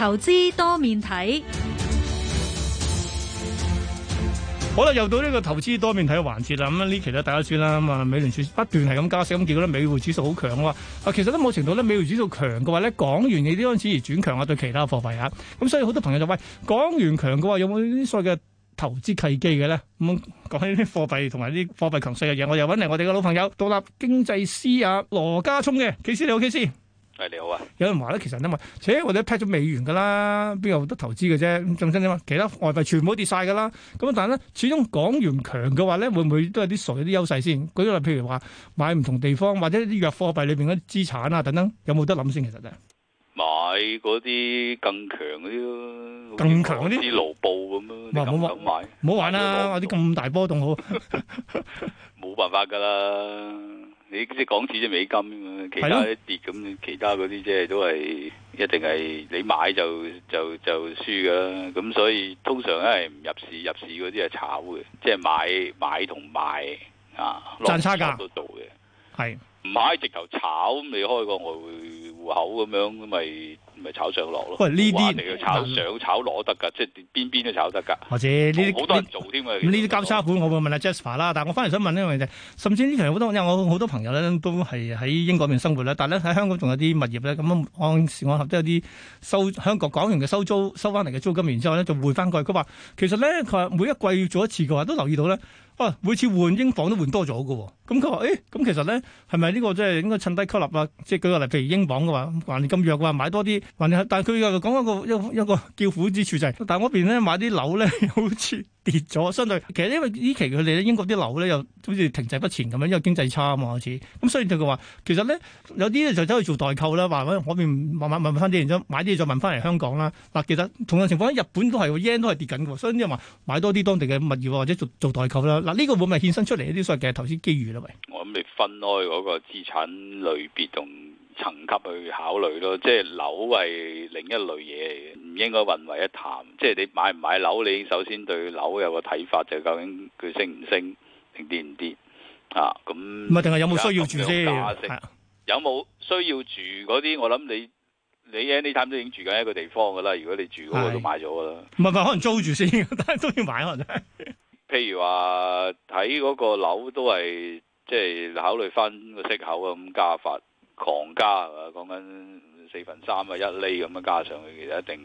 投資多面睇，好啦，又到呢個投資多面睇嘅環節啦。咁啊，呢期咧大家知啦，咁啊，美聯儲不斷係咁加息。咁結果咧美匯指數好強啊。啊，其實都冇程度咧美匯指數強嘅話咧，港元你呢開始而轉強啊，對其他貨幣啊。咁所以好多朋友就喂，港元強嘅話，有冇呢啲所謂嘅投資契機嘅咧？咁講起啲貨幣同埋啲貨幣強勢嘅嘢，我又揾嚟我哋嘅老朋友，獨立經濟師啊羅家聰嘅，KC 你好，K 師。喂你好啊！有人話咧，其實因為，切，我哋 peg 咗美元噶啦，邊有得投資嘅啫？咁仲真點啊？其他外幣全部跌晒噶啦。咁但係咧，始終港元強嘅話咧，會唔會都有啲傻啲優勢先？舉例，譬如話買唔同地方或者啲弱貨幣裏邊嗰啲資產啊等等，有冇得諗先？其實啊，買嗰啲更強啲咯，更強嗰啲盧布咁咯，唔好唔好買，唔好玩啦！啲咁大波動，好冇辦法噶啦～你即係港紙即美金，其他一跌咁，其他嗰啲即係都係一定係你買就就就輸㗎。咁所以通常咧，係唔入市，入市嗰啲係炒嘅，即係買買同賣啊，攬差價度做嘅。係唔買直頭炒，未開過外匯。口咁樣咪咪炒上落咯。喂些，呢啲嚟炒上炒落得噶，即係邊邊都炒得噶。或者呢啲好多人做添，呢啲交叉盤，我會問阿 Jasper 啦。但係我翻嚟想問呢樣嘢就，甚至呢場有好多人，因為我好多朋友咧都係喺英國邊生活咧，但係咧喺香港仲有啲物業咧，咁安安合都有啲收香港港元嘅收租收翻嚟嘅租金，然之後咧就匯翻過去。佢話其實咧佢話每一季要做一次嘅話，都留意到咧。啊、每次換英鎊都換多咗㗎、喎，咁佢話：，誒，咁、欸嗯、其實咧，係咪呢個即係、就是、應該趁低吸納啊？即係舉個例，譬如英鎊嘅話，還你咁弱嘅話，買多啲，還你。但係佢又講一個一一個叫苦之處就係、是，但係嗰邊咧買啲樓咧，好似。跌咗，相對其實因為呢期佢哋咧，英國啲樓咧又好似停滯不前咁樣，因為經濟差啊嘛似，咁所以佢話其實咧有啲就走去做代購啦，話揾嗰邊慢慢問翻啲，然之後買啲嘢再問翻嚟香港啦。嗱，其實同樣情況喺日本都係，個 yen 都係跌緊嘅，所以啲人話買多啲當地嘅物業或者做做代購啦。嗱，呢、這個會唔會衍生出嚟一啲所謂嘅投資機遇咧？喂，我諗你分開嗰個資產類別同，層級去考慮咯，即係樓係另一類嘢嚟嘅，唔應該混為一談。即係你買唔買樓，你首先對樓有個睇法，就係、究竟佢升唔升，定跌唔跌啊？咁唔係定係有冇需要住先？的有冇需要住嗰啲？我諗你你喺 any time 都已經住緊一個地方㗎啦。如果你住嗰個就的買咗㗎啦。唔係唔係，可能租住先，但係都要買啊。譬 如話睇嗰個樓都係即係考慮翻個息口啊，咁加法。狂加啊！講緊四分三啊，一厘咁樣啊，加上去其實一定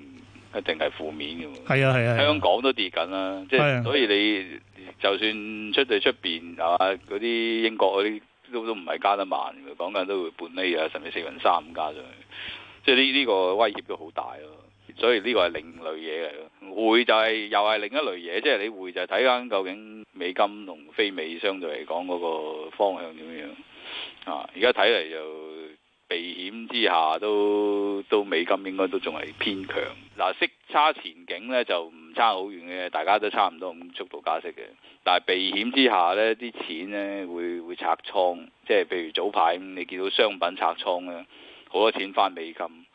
一定係負面嘅喎。啊係啊，啊啊香港都跌緊啦，即係、啊就係、所以你就算出到出邊啊，嗰啲英國嗰啲都都唔係加得慢，講緊都會半厘啊，甚至四分三加上去，即係呢呢個威脅都好大咯。所以呢個係另類嘢嚟，匯就係、係、又係另一類嘢，即、就、係、係、你匯就係睇緊究竟美金同非美相對嚟講嗰個方向點樣啊？而家睇嚟就。避險之下都都美金應該都仲係偏強。嗱，息差前景咧就唔差好遠嘅，大家都差唔多咁速度加息嘅。但係避險之下咧，啲錢咧會會拆倉，即係譬如早排你見到商品拆倉啊，好多錢翻美金，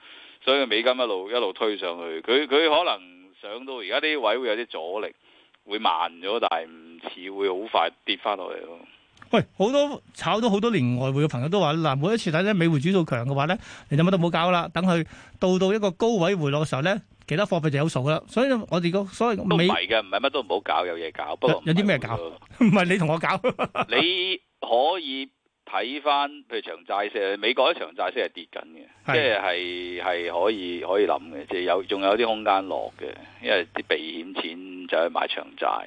所以美金一路一路推上去。佢佢可能上到而家啲位會有啲阻力，會慢咗，但係唔似會好快跌翻落嚟咯。喂，好多炒咗好多年外匯嘅朋友都話：嗱，每一次睇咧，美匯主導強嘅話咧，你就乜都冇搞啦。等佢到到一個高位回落嘅時候咧，其他貨幣就有數啦。所以我哋個所謂美，唔係嘅，唔係乜都唔好搞，有嘢搞。不過不有啲咩搞？唔係你同我搞。你可以睇翻譬如長債息，美國一長債息係跌緊嘅， 即係係係可以可以諗嘅，即係有仲有啲空間落嘅，因為啲避險錢就去買長債，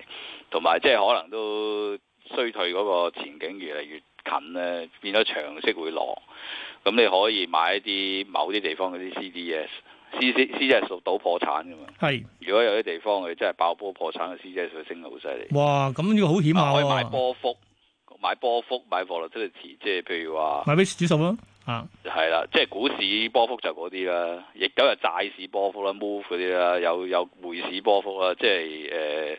同埋即係可能都。衰退嗰個前景越嚟越近咧，變咗長息會落，咁你可以買一啲某啲地方嗰啲 CDS CDS 數到破產噶嘛。係是，如果有啲地方佢真係爆煲破產，CDS 就升得好犀利。哇！咁要好險啊，啊！可以買波幅，買波幅，買貨嚟即係即係，譬如話買啲指數咯。啊，係啦，即係股市波幅就嗰啲啦，亦都有債市波幅啦，move 嗰啲啦，有有匯市波幅啦，即係誒。呃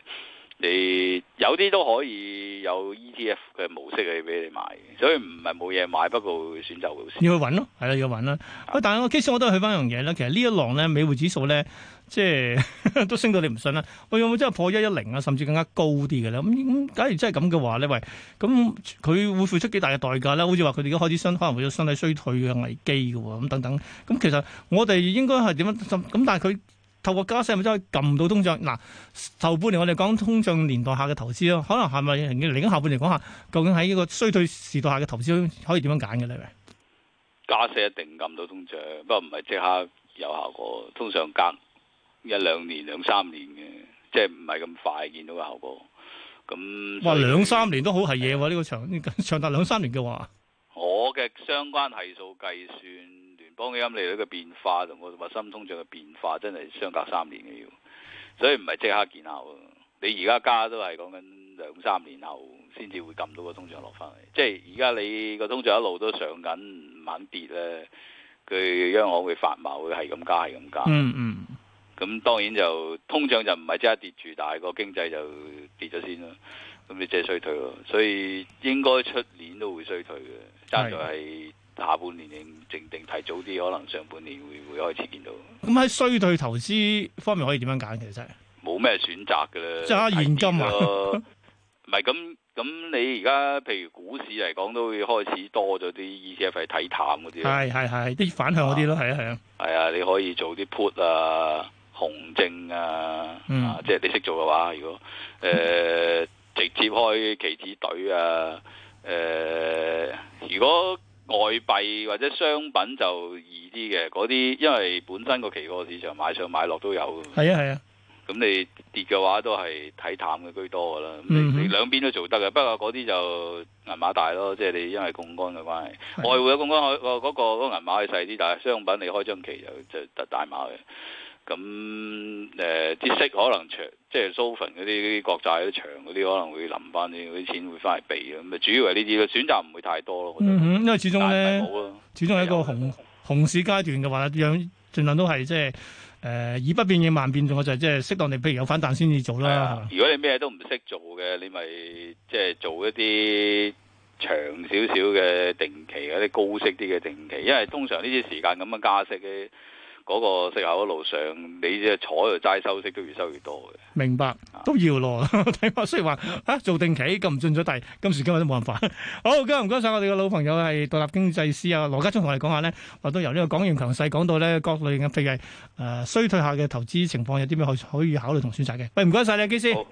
你有啲都可以有 ETF 嘅模式去俾你買，所以唔係冇嘢買，不過選就少。要去揾咯，係啦的，要去揾啦。但係我 case 我都係去翻一樣嘢咧，其實呢一浪咧美匯指數咧，即係 都升到你唔信啦。喂、哎，有冇真係破一一零啊？甚至更加高啲嘅咧？咁、嗯、假如真係咁嘅話咧，喂，咁、嗯、佢會付出幾大嘅代價咧？好似話佢哋而家開始生，可能會有身體衰退嘅危機嘅喎，咁等等。咁、嗯、其實我哋應該係點樣？咁但係佢。透過加息係咪真係撳到通脹？嗱，頭半年我哋講通脹年代下嘅投資咯，可能係咪嚟緊下半年講下，究竟喺呢個衰退時代下嘅投資可以點樣揀嘅咧？加息一定撳到通脹，不過唔係即刻有效果，通常隔一兩年兩三年嘅，即係唔係咁快見到個效果。咁哇，兩三年都好係嘢喎，呢個、嗯啊、長長達兩三年嘅話，我嘅相關係數計算。幫起咁利率嘅變化同我哋話核心通脹嘅變化真係相隔三年嘅要，所以唔係即刻見效。你而家加都係講緊兩三年後先至會撳到個通脹落翻嚟。即係而家你個通脹一路都上緊，猛跌咧。佢央行發會反饋，會係咁加，係咁加。嗯嗯。咁當然就通脹就唔係即刻跌住，但係個經濟就跌咗先咯。咁你即係衰退咯，所以應該出年都會衰退嘅，爭在係。下半年定定定提早啲，可能上半年會會開始見到。咁喺衰退投資方面可以點樣揀？其實冇咩選擇噶啦，現金啊，唔係咁咁。你而家譬如股市嚟講，都會開始多咗啲 ETF 係睇淡嗰啲。係係係啲反向嗰啲咯，係啊係啊。係啊，你可以做啲 put 啊、熊證啊，嗯，啊、即係你識做嘅話，如果誒、呃、直接開期指隊啊，誒、呃，如果。外幣或者商品就易啲嘅，嗰啲因為本身個期貨市場買上買落都有。係啊係啊，咁你跌嘅話都係睇淡嘅居多㗎喇。嗯、哼你兩邊都做得嘅，不過嗰啲就銀碼大咯，即、就、係、是、你因為槓桿嘅關係，的外匯嘅槓桿嗰嗰個嗰銀碼係細啲，但係商品你開張期就就大碼嘅。咁誒啲息可能長，即係蘇芬嗰啲國債啲長嗰啲可能會冧翻啲，啲錢會翻嚟避，咁啊主要係呢啲咯，選擇唔會太多咯。因為始終咧，始終係一個熊熊市階段嘅話，讓儘量都係即係誒以不變應萬變，就係即係適當地，譬如有反彈先至做啦。如果你咩都唔識做嘅，你咪即係做一啲長少少嘅定期嗰啲高息啲嘅定期，因為通常呢啲時間咁嘅加息嘅。嗰個食口嘅路上，你隻坐度齋收息，都越收越多嘅。明白，都要咯。睇法雖然話嚇、啊、做定期，咁唔進咗第，今時今日都冇辦法。好，今日唔該晒我哋嘅老朋友係獨立經濟師啊羅家聰同我哋講下咧，我都由呢個講完強勢，講到咧各類嘅譬如，誒衰退下嘅投資情況有啲咩可可以考慮同選擇嘅。喂，唔該晒你，堅先。